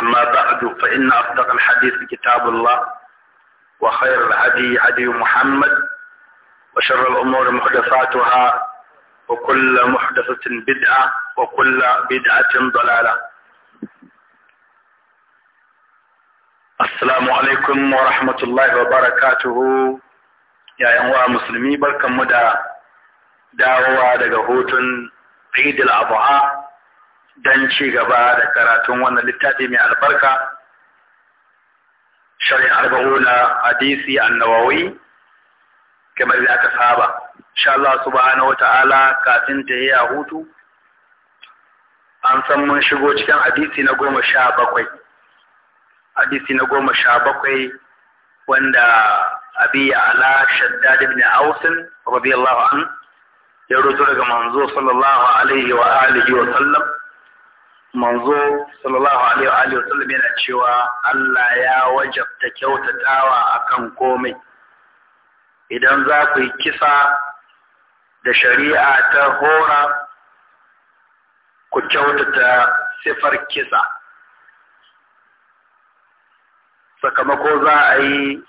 أما بعد فإن أصدق الحديث كتاب الله وخير الهدي هدي محمد وشر الأمور محدثاتها وكل محدثة بدعة وكل بدعة ضلالة السلام عليكم ورحمة الله وبركاته يا أيها المسلمين بركم مدى دعوة لقهوت عيد الأضحى don ci gaba da karatun wannan littafi mai albarka shari'a arba'una hadisi annawawi kamar da aka saba insha Allah subhanahu wata'ala kafin ta yi hutu an san mun shigo cikin hadisi na goma sha bakwai hadisi na goma sha bakwai wanda abi ala shaddad ibn ausin radiyallahu an ya rutu daga manzo sallallahu alaihi wa alihi wa sallam manzo sallallahu alaihi wa sallam yana cewa Allah ya wajabta kyautatawa akan komai idan za ku yi kisa da shari'a ta hora ku kyautata sifar kisa sakamako za a yi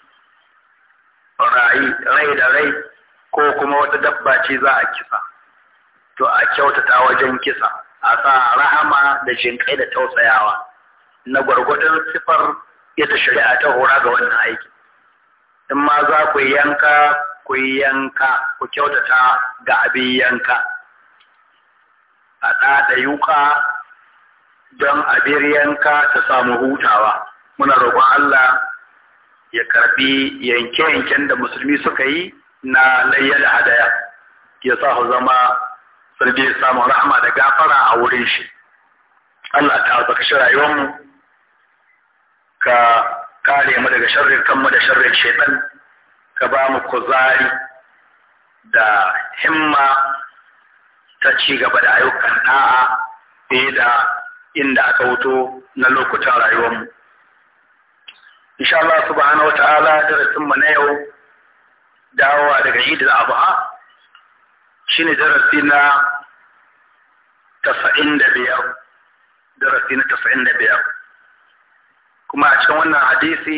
rai da rai ko kuma wata dabba ce za a kisa to a kyautata wajen kisa a sa rahama da jinkai da tausayawa na gwargwadon sifar yadda shari'a ta hora ga wannan aiki in ma za ku yanka ku yanka ku kyautata ga abin yanka a ɗaɗa yuka don abin yanka ta samu hutawa muna roƙon Allah ya karbi yanke-yanken da musulmi suka yi na layya da hadaya ya sa zama sarki ya samu rahama da gafara a wurin shi Allah ta rayuwar rayuwarmu ka kare mu daga sharrin kanmu da sharrin shaitan ka ba mu kuzari da himma ta ci gaba da ayyukan da'a fiye da inda aka wuto na lokutan rayuwarmu insha Allah subhanahu wata'ala darasin mu na yau dawowa daga Eid abu ha? shine darasi na tasa'in da biyar darasi na tasa'in da biyar kuma a cikin wannan hadisi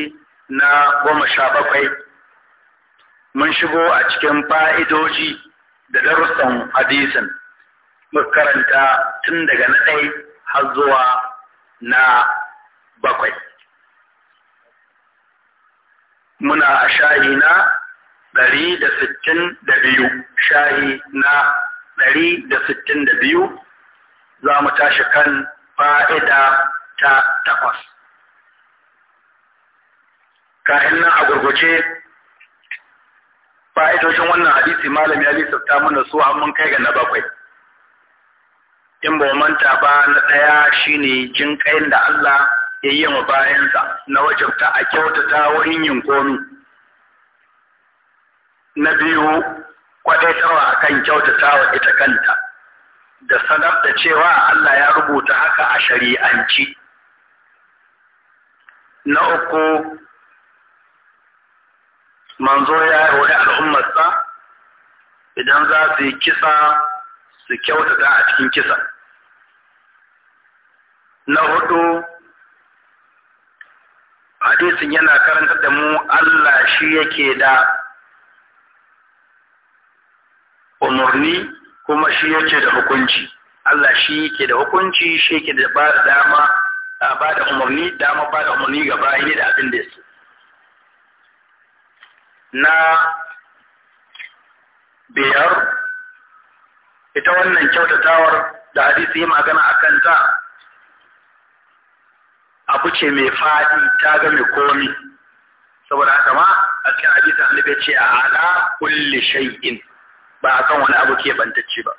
na goma sha bakwai mun shigo a cikin fa'idoji da darussan hadisin makaranta karanta tun daga na ɗai har zuwa na bakwai muna a shayi ɗari da sittin da biyu shahi na ɗari da sittin da biyu za mu tashi kan fa'ida ta takwas. Kahin nan a gurguce? fa'idoshin wannan hadisi malam ya lissafta mana su an mun kai ga na bakwai. In ba manta ba na ɗaya shine jin ƙayin da Allah ya yi wa bayansa na wajabta a kyautata wurin yin komi. na biyu kwadaitarwa akan kyautata wa ita kanta da sanar da cewa Allah ya rubuta haka a shari'anci na uku manzo ya hori al'ummarsa idan za su yi kisa su kyautata a cikin kisa na hudu hadisin yana karanta da mu Allah shi yake da umarni kuma shi yake da hukunci Allah shi yake da hukunci shi yake da ba da dama ba da umarni dama ba da umarni ga bayi da abin da su na biyar ita wannan kyautatawar da hadisi yi magana a kanta abu ce mai faɗi ta game komi saboda haka ma a cikin hadisi annabi ce a ala kulli shay'in ba a kan wani abu ke keɓantacce ba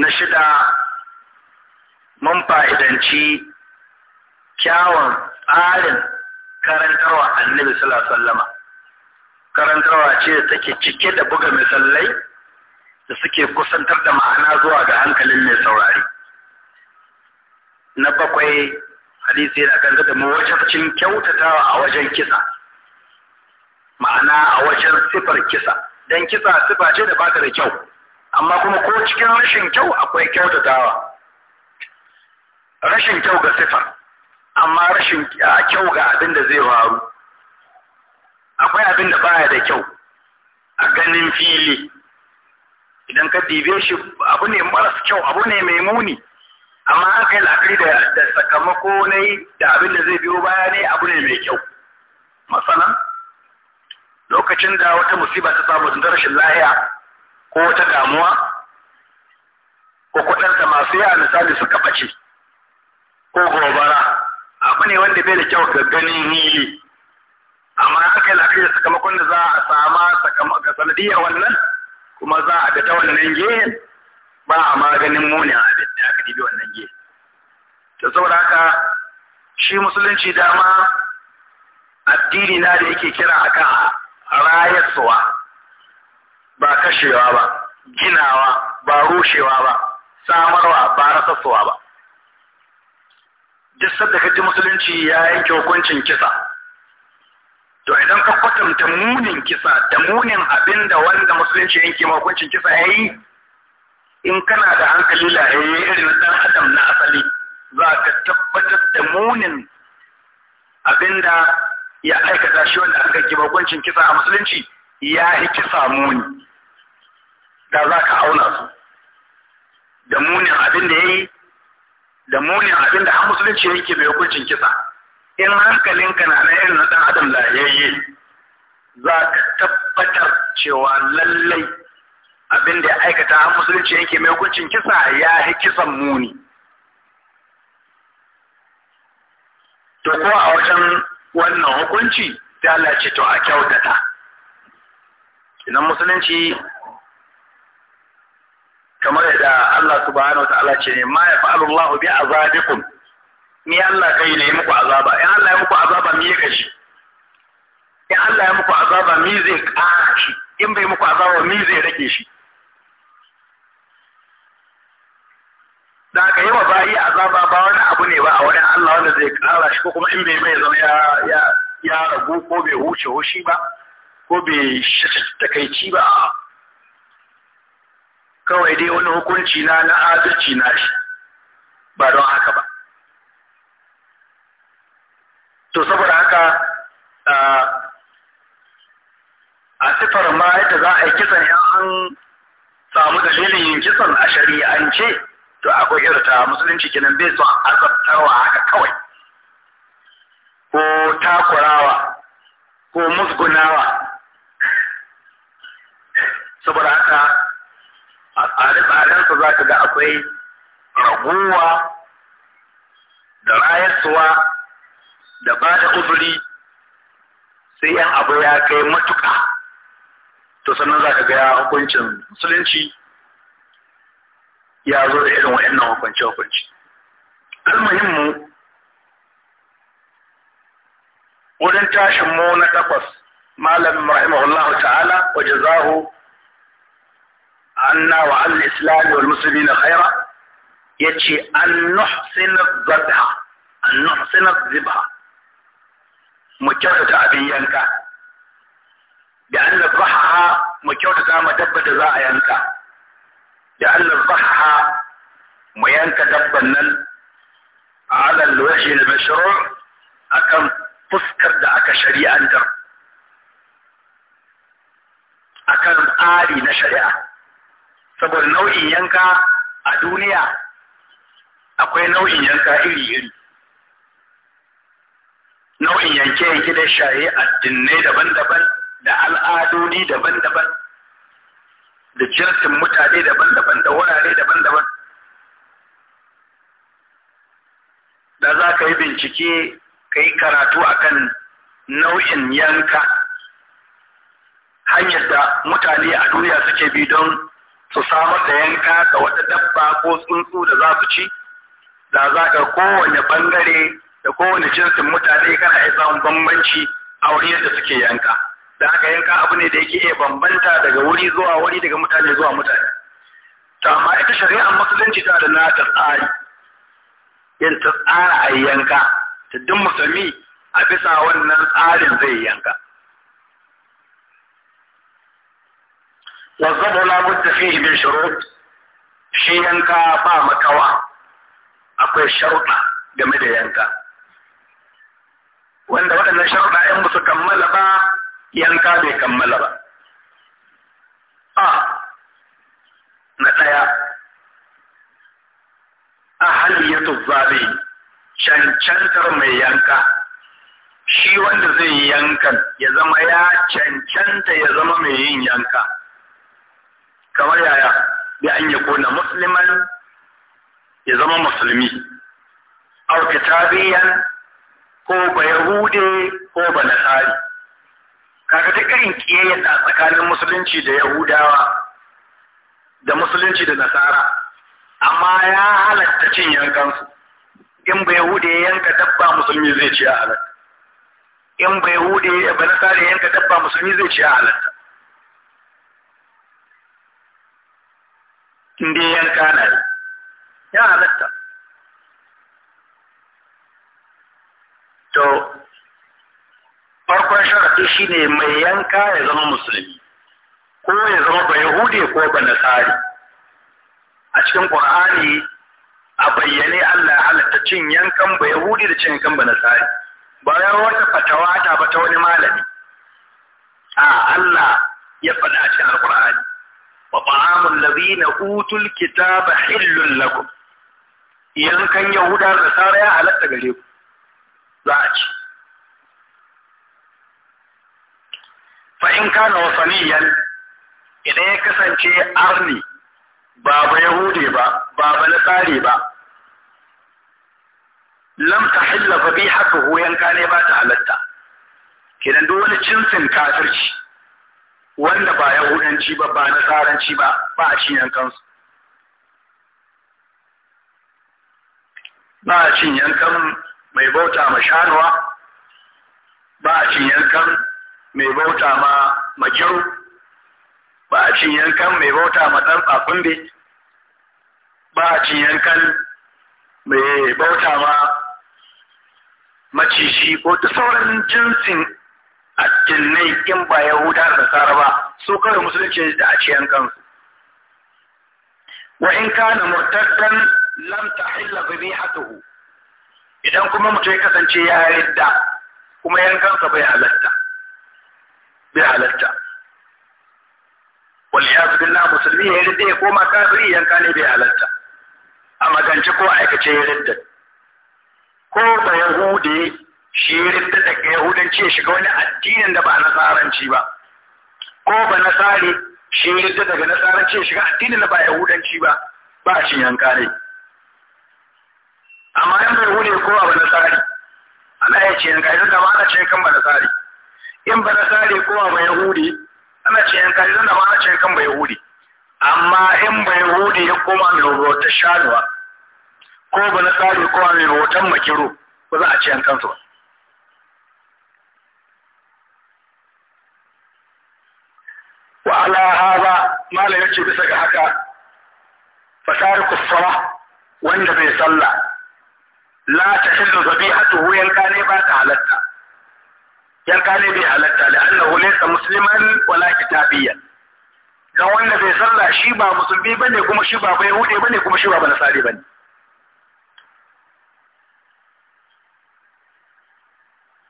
na shida mun fa'idanci kyawun tsarin karantarwa annabi sallallahu sallama karantarwa ce da take cike da buga misallai da suke kusantar da ma'ana zuwa ga hankalin mai saurari na bakwai hadisi yana kan da cin kyautatawa a wajen kisa ma'ana a wajen sifar kisa don kisa, sifa ce da bata da kyau amma kuma ko cikin rashin kyau akwai kyautatawa rashin kyau ga sifa amma rashin kyau ga abin da zai faru akwai abin da baya da kyau a ganin fili idan ka dibe shi abu ne maras kyau abu ne mai muni amma an kai la'akari da sakamako na yi da abin da zai biyo baya ne abu ne mai kyau masana lokacin da wata musiba ta samu da rashin lahiya ko wata damuwa ko kwatansa masu yawa misali su kabace ko gobara abu ne wanda bai da kyau ga gani nili amma aka yi lafiya sakamakon da za a sama sakamakon sanadiyya wannan kuma za a ga ta wannan ge. ba a maganin muni a abin da aka dibi wannan gehen ta saboda haka shi musulunci dama addini na da yake kira a kan rayatsuwa ba kashewa ba ginawa ba rushewa ba samarwa ba rasassuwa ba duk sadda kaji musulunci ya yanke hukuncin kisa to idan ka kwatanta munin kisa da munin abin da wanda musulunci yanke hukuncin kisa ya yi in kana da hankali lahiyayye irin dan adam na asali za ka tabbatar da munin abinda ya aikata shi wanda aka gima hukuncin kisa a musulunci ya yi kisa muni da za ka auna su da munin abin da ya yi da munin abin da an musulunci yake mai hukuncin kisa in hankalinka na na irin na ɗan adam yi. za ka tabbatar cewa lallai abin da ya aikata a musulunci yake mai hukuncin kisa ya yi kisan muni to ko a wajen wannan hukunci da Allah ce to a kyautata idan musulunci kamar yadda Allah subhanahu Ta'ala ce ne ma fa'alu Allah bi azabikum ni Allah kai ne muku azaba in Allah ya muku azaba me yake shi? in Allah ya muku azaba me zai kashi in bai muku azaba me zai rage shi da aka yi wa bayi azaba ba wani abu ne ba a wajen Allah wanda zai kara shi ko kuma in bai mai zama ya ragu ko bai huce hoshi ba ko bai takaici ba kawai dai wani hukunci na na adalci na shi ba don haka ba to saboda haka a sifar ma yadda za a yi kisan yan an samu dalilin yin kisan a shari'ance to akwai irta musulunci kenan bai son azabtarwa haka kawai ko takurawa ko musgunawa saboda haka a tsare-tsarensa za ka ga akwai raguwa da rayarsuwa da ba da uzuri sai yan abu ya kai matuka to sannan za ka ga hukuncin musulunci ya zo da irin wa'annan hukunce-hukunce. Almuhimmu wurin tashin mu na takwas malam Allah ta'ala wa jazahu anna wa al islam wal na khaira ce, an nuhsina zabha an nuhsina zabha mu kyautata abin yanka da an da mu kyautata ma dabba da za a yanka da Allah baha mu yanka dabban nan ala alwahi a akan fuskar da aka shari'antar akan tsari na shari'a saboda nau'in yanka a duniya akwai nau'in yanka iri-iri nau'in yanke-yanke da shari'a addinai daban-daban da al'adodi daban-daban da jinsin mutane daban-daban da wurare daban-daban da za ka yi bincike ka yi karatu kan nau'in yanka hanyar da mutane a duniya suke bi don su samar da yanka ga wata dabba ko tsuntsu da za su ci da za ka kowane bangare da kowane jinsin mutane kana iya samun bambanci a wurin yadda suke yanka da haka yanka abu ne da yake iya bambanta daga wuri zuwa wuri daga mutane zuwa mutane Ta amma ita shari'a musulunci ta da na ta tsari yin ta tsara a yanka ta duk musulmi a bisa wannan tsarin zai yanka wazzabu la budda fihi min shurut shi yanka ba makawa akwai sharuɗa game da yanka wanda waɗannan sharuɗa in ba su kammala ba yanka bai kammala ba a na ɗaya a haliyatu zabe cancantar mai yanka shi wanda zai yi yankan ya zama ya cancanta ya zama mai yin yanka kamar yaya bi an ya kona Musulman ya zama musulmi au kitabiyan ko ba yahude ko banasari. kaga ta irin kiyayyar da tsakanin musulunci da yahudawa da musulunci da nasara amma ya halatta cin yankansu in ba yahuda ya yanka dabba musulmi zai ci a halatta in ba yahuda ya ba nasara ya yanka dabba musulmi zai ci a halatta in dai yanka na yi ya halatta to shi ne mai yanka ya zama musulmi ko ya zama ba yahudi ko ba nasari a cikin qur'ani a bayyane Allah ya halatta cin yankan ba yahudi da cin yankan ba nasari ba ya wata fatawa ta ba ta wani malami a Allah ya faɗa a cikin ba'amun wa na hutul utul ba hillun lakum yankan yahuda da nasara ya halatta gare ku za a ci fa in kana yan, idan ya kasance arni ba ba yahude ba ba ba tsari ba lam hilla fa bi haka huyan kane ba ta halatta kenan duk wani cinsin kafirci wanda ba yahudanci ba ba nasaranci ba ba a cinyan kansu ba a cinyan kan mai bauta ma shanuwa ba a cinyan kan mai bauta ma majiyar ba a cin yankan mai bauta ma ɗan tsakumbe ba a cin yankan mai bauta ma macishi ko ta sauran jinsin addinai in ba Yahuda da Nasara ba su kawai musulunci da a ciyan kansu wa in kana murtaddan lam tahilla dhabihatuhu idan kuma mutum ya kasance ya yadda kuma yankansa bai halatta bai halatta wal yaz billah musulmi ya ridda ya koma kafiri yanka ne bai halatta a magance ko aikace ya ridda ko ba hude shi ya da daga yahudanci ya shiga wani addinin da ba nasaranci ba ko ba nasari shi ya ridda daga nasaranci ya shiga addinin da ba yahudanci ba ba shi yanka ne amma yan bai hude ko ba nasari ana ya ce yanka idan da ba ka ce kan ba nasari in ba nasare ko ba yahudi ana ce yanka idan da ba ana ce kan ba yahudi amma in ba yahudi ya koma mai rubutar shanuwa ko ba nasare ko mai rubutar makiro ba za a ce yan kansu ba wa ala hada malam yace bisa ga haka fasariku sala wanda bai sallah la tahillu dhabihatuhu yanka ne ba ta halatta ya ne bai halatta la'annahu laysa musliman wala kitabiyya dan wanda bai sallah shi ba musulmi bane kuma shi ba bai hude bane kuma shi ba sare bane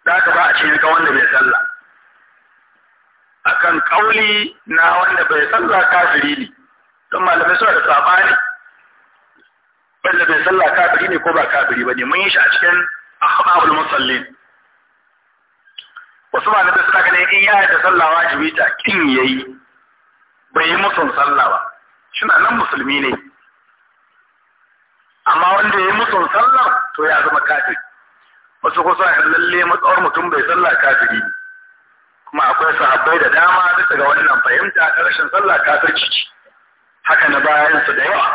da ka ba a ce ga wanda bai sallah akan kauli na wanda bai sallah kafiri ne don malamai suna da sabani wanda bai sallah kafiri ne ko ba kafiri bane mun yi shi a cikin ahbabul musallin wasu ba da suna ganin in ya da sallah wajibi ta kin yayi bai yi sallah ba shina nan musulmi ne amma wanda ya yi musu sallah to ya zama kafiri wasu ko sai lalle matsawar mutum bai sallah kafiri ne kuma akwai sahabbai da dama da daga wannan fahimta ta rashin sallah kafirci haka na bayan su da yawa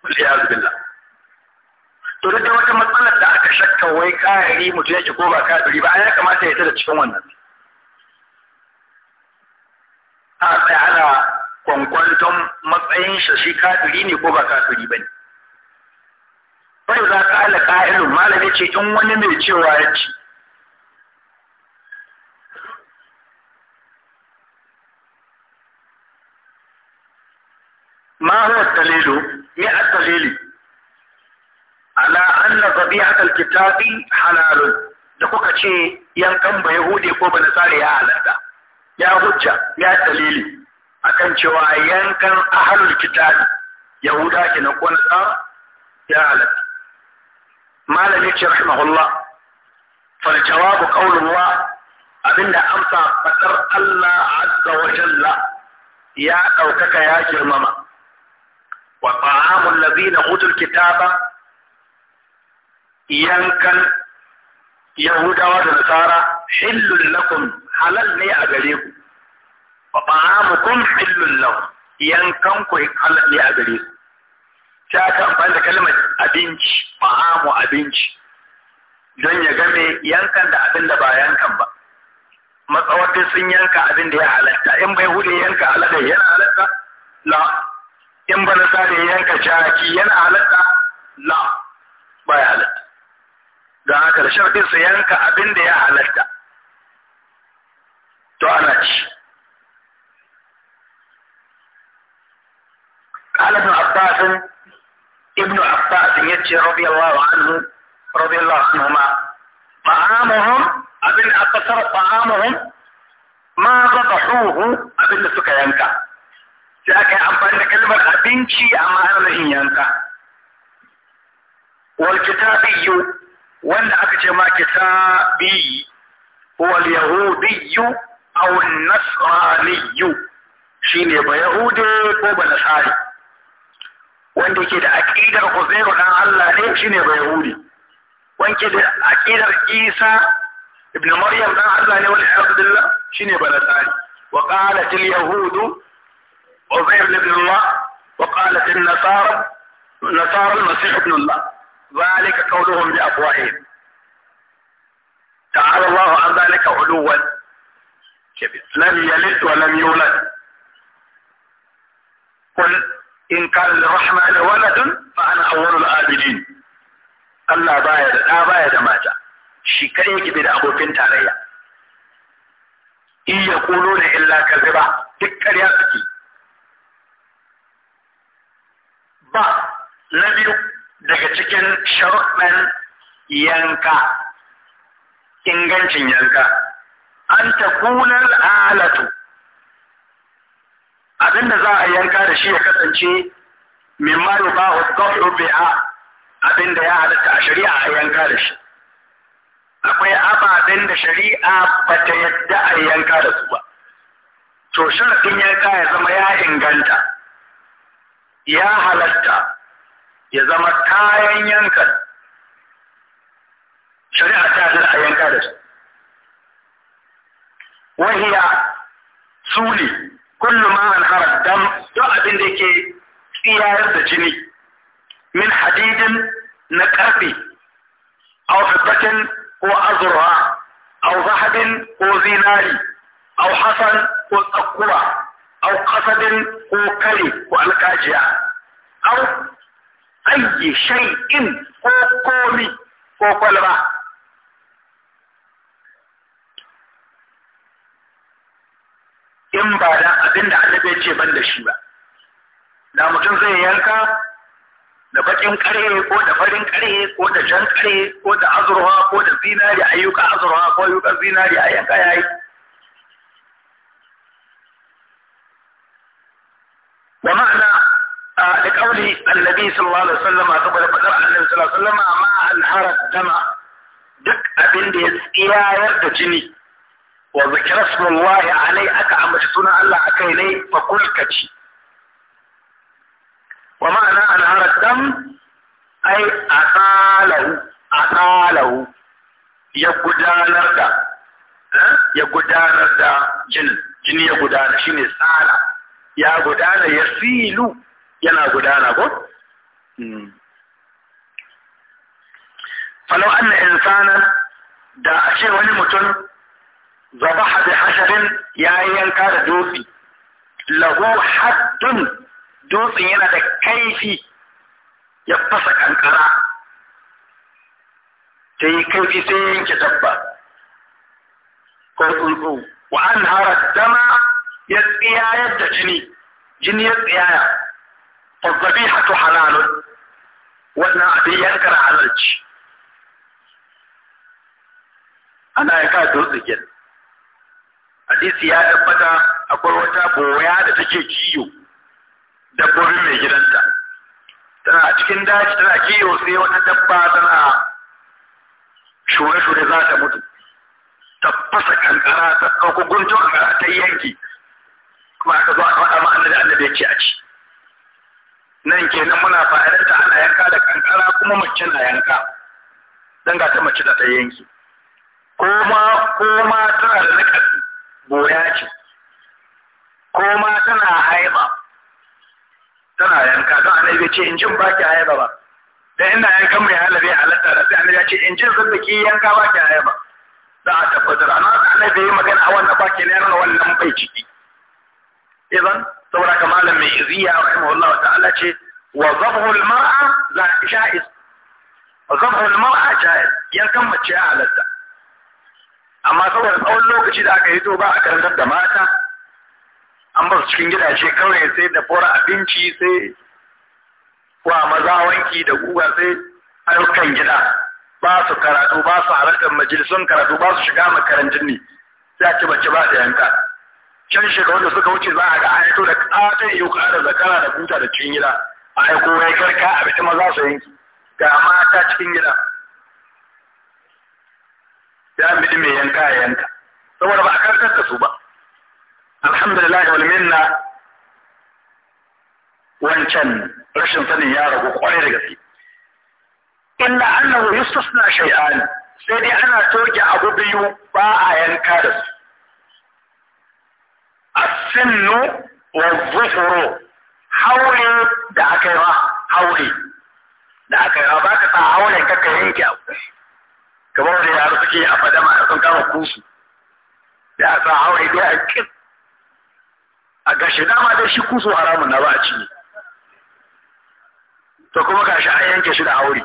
wal billah to da wata matsalar da aka shakka wai kayari mutum yake ko ba kafiri ba ya kamata ya tada cikin wannan a tsaya ana kwankwanton matsayin shi shi kafiri ne ko ba kafiri ba ne bai za ka ala ka'ilun malami ce in wani mai cewa ya ci ma huwa dalilu me a dalili ala anna zabihatul kitabi halalun da kuka ce yankan ba yahude ko ba nasare ya halalta ya hujja ya dalili akan cewa yankan ahlul kitabi yahuda kenan na nasara ya halalta malam yace rahimahullah fal jawabu qaulullah abinda amsa fadar Allah azza wa jalla ya daukaka ya girmama wa ta'amul ladina utul kitaba yankan yahudawa da nasara hillul lakum halal ne a gare ku wa ta'amukum hillul lakum yankan ku halal ne a gare ku sai aka amfani da kalmar abinci ta'amu abinci don ya game yankan da abin da ba yankan ba Matsawatin sun yanka abin da ya halatta in bai hude yanka halatta yana halatta la in ba nasara yanka shaki yana halatta la ba ya halatta don haka da sharɗin sa yanka abin da ya halatta to ana ci قال ابن عباس ابن عباس يتشي رضي الله عنه رضي الله عنهما طعامهم أبن أقصر طعامهم ما ضبحوه أبن سكا ينكا سأكي أمبان كلمة أبنشي أما أنا ينكا والكتابي wanda aka ce ma kitabi huwa al-yahudiyyu aw an-nasraniyyu shine ba yahudi ko ba nasari wanda yake da aqidar Uzairu dan Allah ne shine ba yahudi wanke da aqidar Isa ibn Maryam dan Allah ne wal Abdullah shine ba nasari wa qalat al-yahud Uzair ibn Allah wa qalat an-nasara nasara al-masih ibn Allah zalika qawluhum bi afwahihim ta'ala Allah an zalika uluwan kabir lam yalid wa lam yulad qul in kana lirrahman waladun fa ana awwalul abidin Allah baya da da baya da mata shi kare yake bai da abokin tarayya in yaquluna illa kadhiba duk ƙarya suke ba na biyu daga cikin sharuɗin yanka ingancin yanka an ta kunar alatu abinda za a yanka da shi ya kasance min mayu ba abinda ya halatta a shari'a a yanka da shi akwai ababen da shari'a ba ta yadda a yanka da su ba to sharafin yanka ya zama ya inganta ya halatta ya zama kayan yanka shari'a ta zai a yanka da su wahiya su ne kullum an harar dam don abin da ke tsiyayar da jini min hadidin na karfe a ko azurwa au zahabin ko zinari au hasan ko tsakkuwa au kasadin ko kare ko alkajiya ayi shay'in ko komi ko kwalba in ba da abinda da annabi ce ban da shi ba da mutum zai yanka da bakin kare ko da farin kare ko da jan kare ko da azurwa ko da zinari ayyuka azurwa ko ayyukan zinari a yanka yayi nabi sallallahu alaihi da saboda fadar annabi sallallahu alaihi amma al-harab dama duk abinda ya tsiyayar da jini wa zikra smullahi alai aka ambaci sunan Allah akai ne fa kulkaci wa ma'ana al-harab dam ai asalahu asalahu ya gudanar da eh, ya jini ya gudana shine tsala ya gudana ya silu yana gudana ko Hmm. falau an insana da a ce wani mutum zaba haɗe hasharin ya yi yanka da dutse lagu haddun dutsen yana da kaifi ya fasa kankara ta yi kaifi sai yanke dabba ko tsuntsu wa an hara dama ya tsiyayar da jini jini ya tsiyaya fazzabi hatu halalun wannan abin yankar halarci ana ka dutse kenan hadisi ya tabbata akwai wata boya da take kiyo dabbobin mai gidanta tana a cikin daji tana kiyo sai wata dabba tana shure-shure za ta mutu ta fasa kankara ta ɗauko guntun kankara ta yanki kuma aka zo a faɗa ma'anar annabi annabi ya ce a ci nan kenan muna fa'idar da ana yanka da kankara kuma mace na yanka dan ga ta mace da ta yanki koma koma tana da nakasi boya ce koma tana haiba tana yanka don ana yi ce in jin ki haiba ba da ina yankan mai halabe halatta da sai ana ya ce in jin zaddaki yanka ba ki haiba za a tabbatar ana ana ya magana a wannan baki ne yana wannan bai ciki izan saboda ka malam mai iziya rahimahullahu ta'ala ce wa zabhul mar'a za ja'iz zabhul mar'a ja'iz yankan mace ya halatta amma saboda tsawon lokaci da aka yi to ba a karantar da mata an ba su cikin gidaje kawai sai da fora abinci sai wa maza wanki da guga sai ayyukan gida ba su karatu ba su halartar majalisun karatu ba su shiga makarantun ne sai a ci bace ba da yanka can shekaru da suka wuce za a ga aito da katon yuka da zakara da buta da cikin gida a aiko ya karka a bikin maza su yanki ga mata cikin gida ya bidi mai yanka ya yanka saboda ba a karkar da su ba alhamdulillah wal minna wancan rashin sanin ya ragu kwarai da gaske illa annahu yustasna shay'an sai dai ana toge abu biyu ba a yanka da su wa zuhuru Hauri da aka yi ba da aka yi ba ba ka sa haure kaka yanke abu kamar da yaro suke a fada a sun kama kusu da a sa haure dai a kin a gashi dama da shi kusu haramun na ba a ci to kuma gashi an yanke shi da haure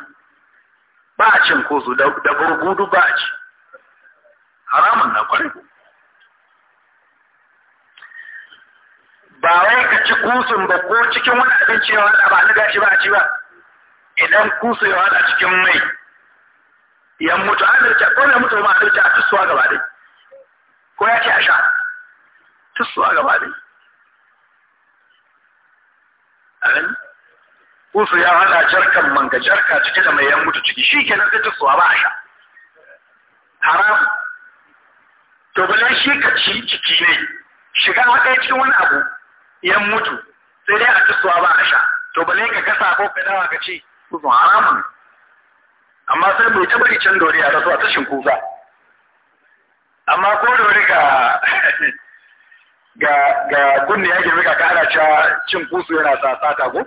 ba a cin kusu da burgudu ba a ci haramun na kwarai ba wai ka ci kusun ba ko cikin wani abinci ya wada ba na gashi ba a ci ba idan kusun ya wada cikin mai ya mutu adalci ko ya mutu ma adalci a tussuwa gaba dai ko ya ce a sha tussuwa gaba dai amin kusun ya hada jarkan manga jarka cike da mai yan mutu ciki shi kenan sai tussuwa ba a sha haram to bala shi ka ci ciki ne shiga wata cikin wani abu ya mutu sai dai a ci suwa ba a sha to ne ka kasa ko ka dawa ka ci su haramun amma sai bai taba bari can dori a rasuwa ta shinkuza amma ko dori ga ga ga gunni ya rika ka ana cewa cin kusu yana sa sata ko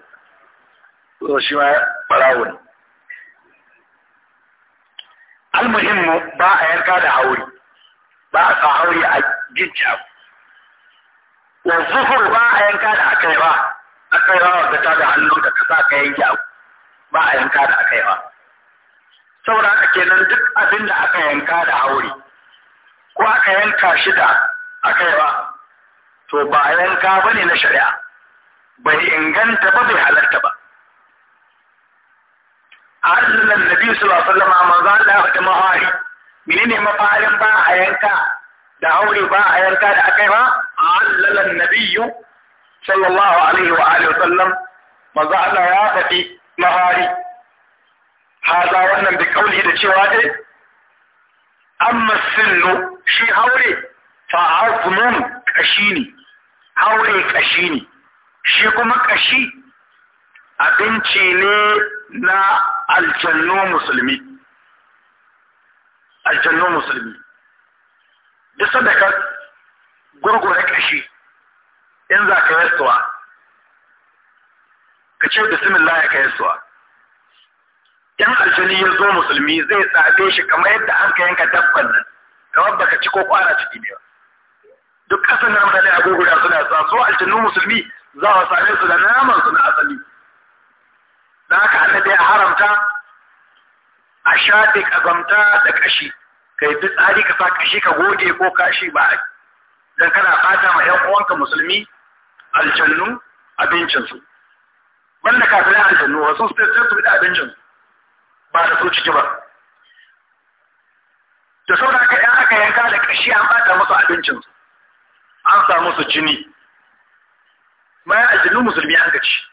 to shi ma barawo ne almuhimmu ba a yanka da hauri ba a sa hauri a gicciya والظهر ba a yanka da akai ba akai ba wanda ta da hannun ka sa ka yanke abu ba a yanka da akai ba saboda haka kenan duk abin da aka yanka da hauri ko aka yanka shi da yi ba to ba a yanka ba ne na shari'a bai inganta ba bai halarta ba a hannun nan nabi sallallahu alaihi wasallam manzo Allah ya faɗi mafari menene mafarin ba a yanka da aure ba a yarda da akai ba allala nabiyyu sallallahu alaihi wa alihi wasallam manzo Allah ya faɗi mahari haza wannan bi kauli da cewa dai amma sillu shi haure fa azmun kashi ne haure kashi ne shi kuma kashi abinci ne na aljannu musulmi aljannu musulmi duk sanda ka gurgura ƙarshe, in za ka yasuwa ka ce simin ya ka yasuwa in aljani ya zo musulmi zai tsabe shi kamar yadda an ka yanka dabban nan kamar ka ci ko kwara ciki ne ba duk kasan nan mutane a gurgura suna sa su aljanu musulmi za a same su da naman su na asali da haka annabi ya haramta a shafe ƙazamta da ƙashi kai duk tsari ka sa kashi ka goge ko kashi ba dan kana fata ma ƴan uwanka musulmi aljannu abincinsu banda kafirin aljannu wasu sai su bi abincinsu ba da su ciki ba da saboda ka ɗan aka yanka da kashi an fata musu abincinsu an sa musu jini ya aljannu musulmi an ka ci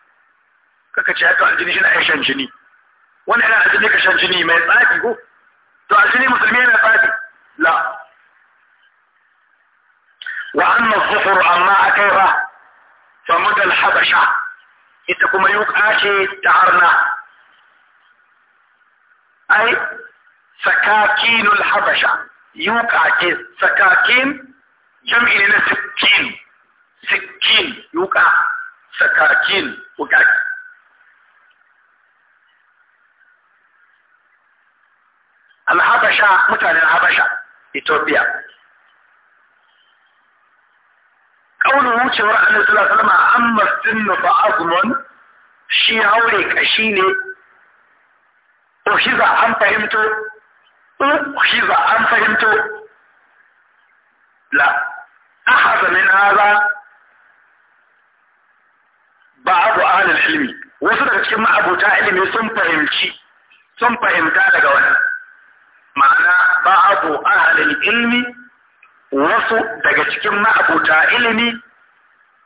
kaka ce haka aljini shi na shan jini wani yana aljini ka shan jini mai tsafi ko تعزيني مسلمين يا فادي لا وأما الظفر أما أكيرا فمدى الحبشة إتكم يوك آشي تعرنا أي سكاكين الحبشة يوك آشي سكاكين جمع لنا سكين سكين يوك سكاكين وكاكين alhabasha mutanen habasha ethiopia Ƙaunin wucewar annabi sallallahu alaihi wasallam amma sunnu fa azmun shi haure kashi ne uhiza an fahimto uhiza an fahimto la ahaza min hadha ba'd ahli ilmi wasu daga cikin ma'abuta ilimi sun fahimci sun fahimta daga wannan ba'du ilmi wasu daga cikin ma'abuta ilimi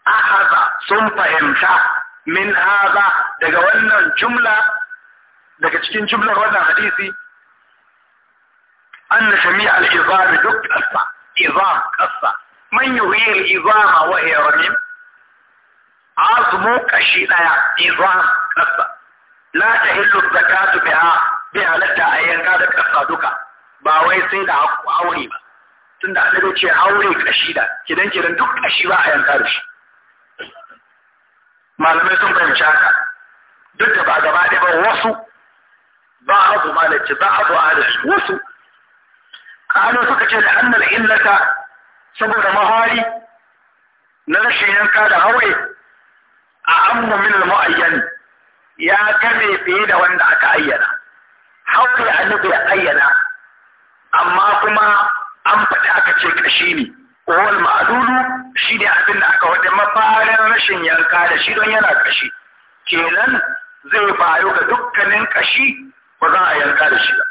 ahaza sun fahimta min haza daga wannan jumla daga cikin jumlar wannan hadisi anna shami al-izam duk kasa izam kasa man yuhyi al-izam wa hiya ramim azmu kashi daya izam kasa la tahillu zakatu biha bi halatta ayyan kada kasa duka ba wai sai da aure ba tun da annabi ce aure kashi da kidan kidan duk kashi ba a yanka da shi malamai sun fahimci haka duk da ba gaba da ba wasu ba abu malaci ba abu adis wasu kano suka ce da annal illata saboda mahari na rashin yanka da hawaye a amma min al-mu'ayyan ya kame fiye da wanda aka ayyana hawaye annabi ya ayyana ce kashi ne wal ma'adudu shi ne abin da aka wada mafarin rashin yanka da shi don yana kashi kenan zai bayo ga dukkanin kashi ba za a yanka da shi ba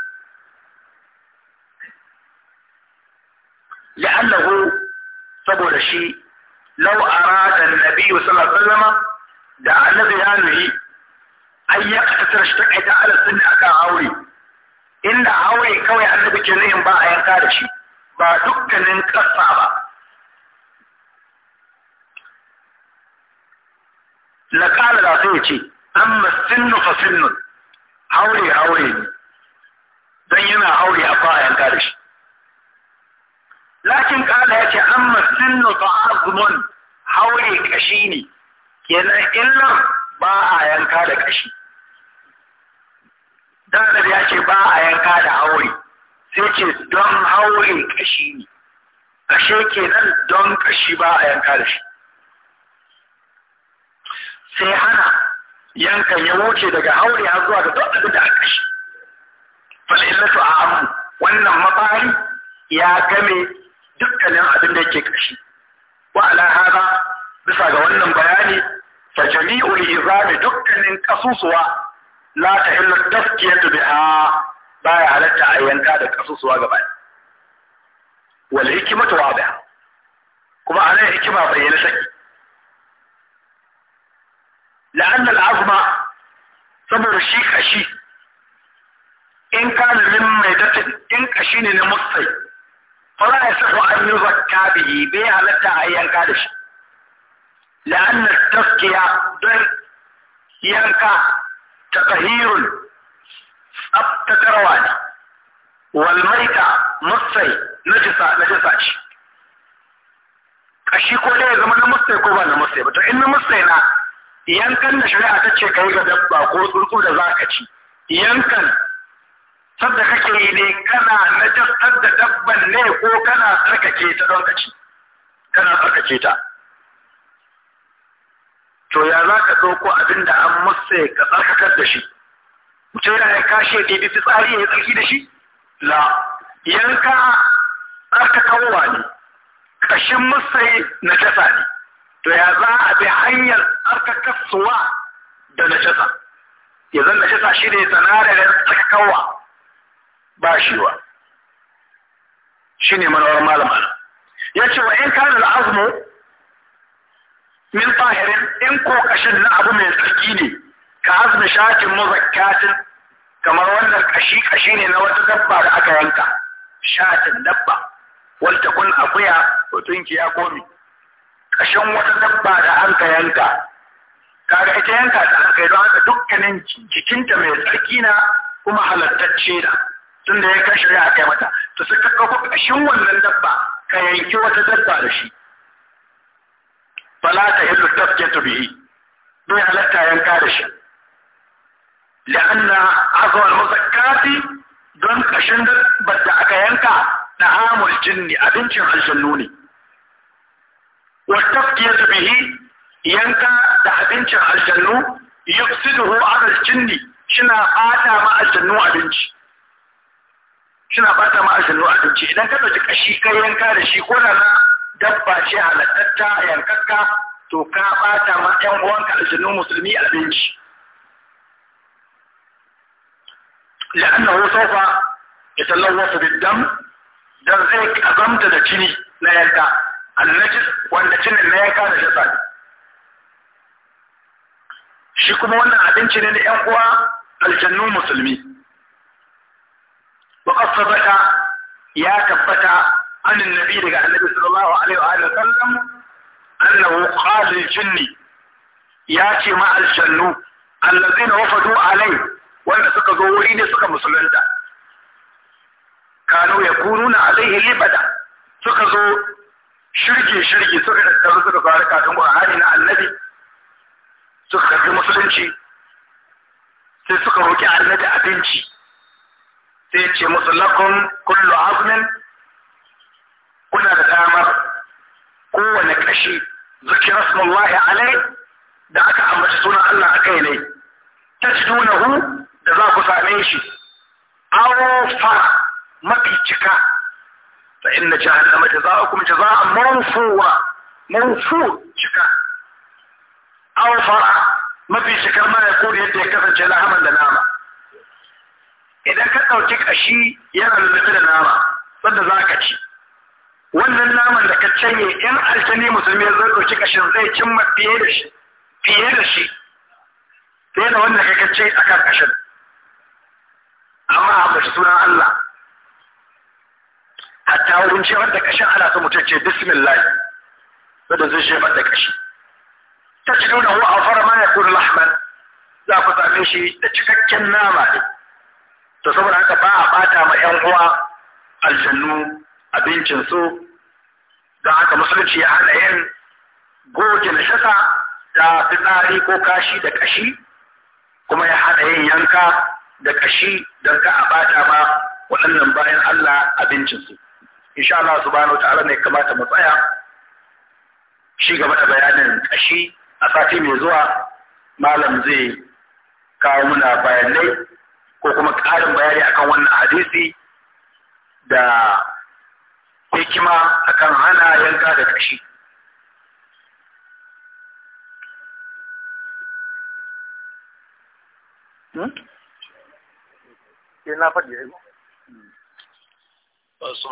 la'annahu saboda shi lau arada an sallallahu alaihi wasallam da annabi ya nuhi shi ta kai ta kaita ala sunna akan aure inda aure kawai annabi ke ba a yanka da shi ba dukkanin ƙasa ba Laƙala da sai ce an masinnu fa sinnun haure haure ne don yana haure a bayan kare shi lakin ƙala ya ce an masinnu fa azumun haure ƙashi ne kenan illar ba a yanka da ƙashi. dan da ya ce ba a yanka da haure sai ce don haurin kashi ne kashe kenan don kashi ba a yanka da shi sai hana yankan ya wuce daga haure har zuwa ga don abin da aka shi a amu wannan mafari ya game dukkanin abin da yake kashi wa ala hada bisa ga wannan bayani fa jami'ul izami dukkanin kasusuwa la ta illa tafkiyatu biha baya halatta a yanka da kasusuwa gaba wal hikmatu wadiha kuma a nan hikima bayyana saki la'anna al'azma saboda shi kashi in kana min mai datin in kashi ne na mustai fara ya sahu an yi zakka yi bai halatta a yanka da shi la'anna taskiya don yanka ta tahirun tsaftatarwa ne walmaita mustai najisa najisa ce kashi ko dai zama na mustai ko ba na mustai ba to in na mustai na yankan da shari'a ta ce kai ga dabba ko tsuntsu da ka ci yankan sadda kake yi ne kana najasar da dabban ne ko kana tsarkake ta don ka ci kana tsarkake ta to ya za ka ɗauko abin da an mustai ka tsarkakar da shi mutum ya kashe da bi tsari ya tsarki da shi la yanka tsarka kawowa ne kashin musai na jasa ne to ya za a bi hanyar tsarka kasuwa da na jasa ya zan na jasa shi ne tsanarar tsarka kawwa ba wa. shi ne manawar malama ya ce wa in kanar la'azmu min fahirin in ko kashin na abu mai tsarki ne ka azumi shakin mazakatin kamar wannan kashi kashi ne na wata dabba da aka yanka shatin dabba wanda kun akuya ko tunkiya ko mi kashin wata dabba da an ka yanka kaga ita yanka da an yi don haka dukkanin jikinta mai tsarki na kuma halattacce na tun da ya kan shari'a a kai mata to sai ka kafa kashin wannan dabba ka yanki wata dabba da shi fala ta yi hillu tafke bihi bai halatta yanka da shi لأن عفو المزكاة دون كشند بدأ كينكا نعام الجن أبنش ne. والتفكية به ينكا أبنش الجنو يفسده على الجن شنا باتا مع الجنو أبنش suna bata ma azumi abinci idan ka ɗauki kashi kai yanka da shi ko dabba ce halattatta yankakka to ka bata ma ƴan uwanka aljinu musulmi abinci لأنه سوف يتلوث بالدم دم ذلك أقمت دا لا يلقى النجس وأن تشيني لا يلقى نجسا شكما وانا عدن تشيني لأقوى الجنو مسلمي وقد صدق يا كبتا عن النبي لقى النبي صلى الله عليه وآله وسلم أنه قال الجني ياتي مع الجنو الذين وفدوا عليه wanda suka zo wuri ne suka musulunta kanu ya kununa alaihi libada suka zo shirki shirki suka tattaru suka fara kakan Qur'ani na annabi suka karbi musulunci sai suka roƙi annabi abinci sai ya ce musu lakum kullu azmin kuna da damar kowane ƙashi zikir asmullahi alai da aka ambaci suna Allah a kai ne hu. da za ku same shi arofa mafi cika fa inna jahannama za a manfura manfur cika arofa mafi cikar mara ya yadda ya kasance lahaman da nama idan ka ɗauki ƙashi yana lulluɓe da nama sanda za ka ci wannan naman da ka canye in alkali musulmi ya zai ɗauki ƙashin zai cimma fiye da shi fiye da shi fiye da wanda ka kace a kan ƙashin amma a bashi sunan Allah hatta wurin shefar da kashin ana so mutum ce bismillah da zai shefar da kashi ta ci nuna wa a fara mana kudu lahman za ku same shi da cikakken nama ne Ta saboda haka ba a bata ma yan uwa aljannu abincin su don haka musulunci ya hana yin goge shasa da fitsari ko kashi da kashi kuma ya hada yin yanka da kashi don ka a bata ma waɗannan bayan Allah abincinsu. Insha Allah subhanahu wa ta'ala ne kamata mu tsaya shi gaba da bayanin kashi a sati mai zuwa malam zai kawo muna bayanai ko kuma ƙarin bayani akan wannan hadisi da hikima akan hana yanka da kashi. Hmm? sai na faɗi ba.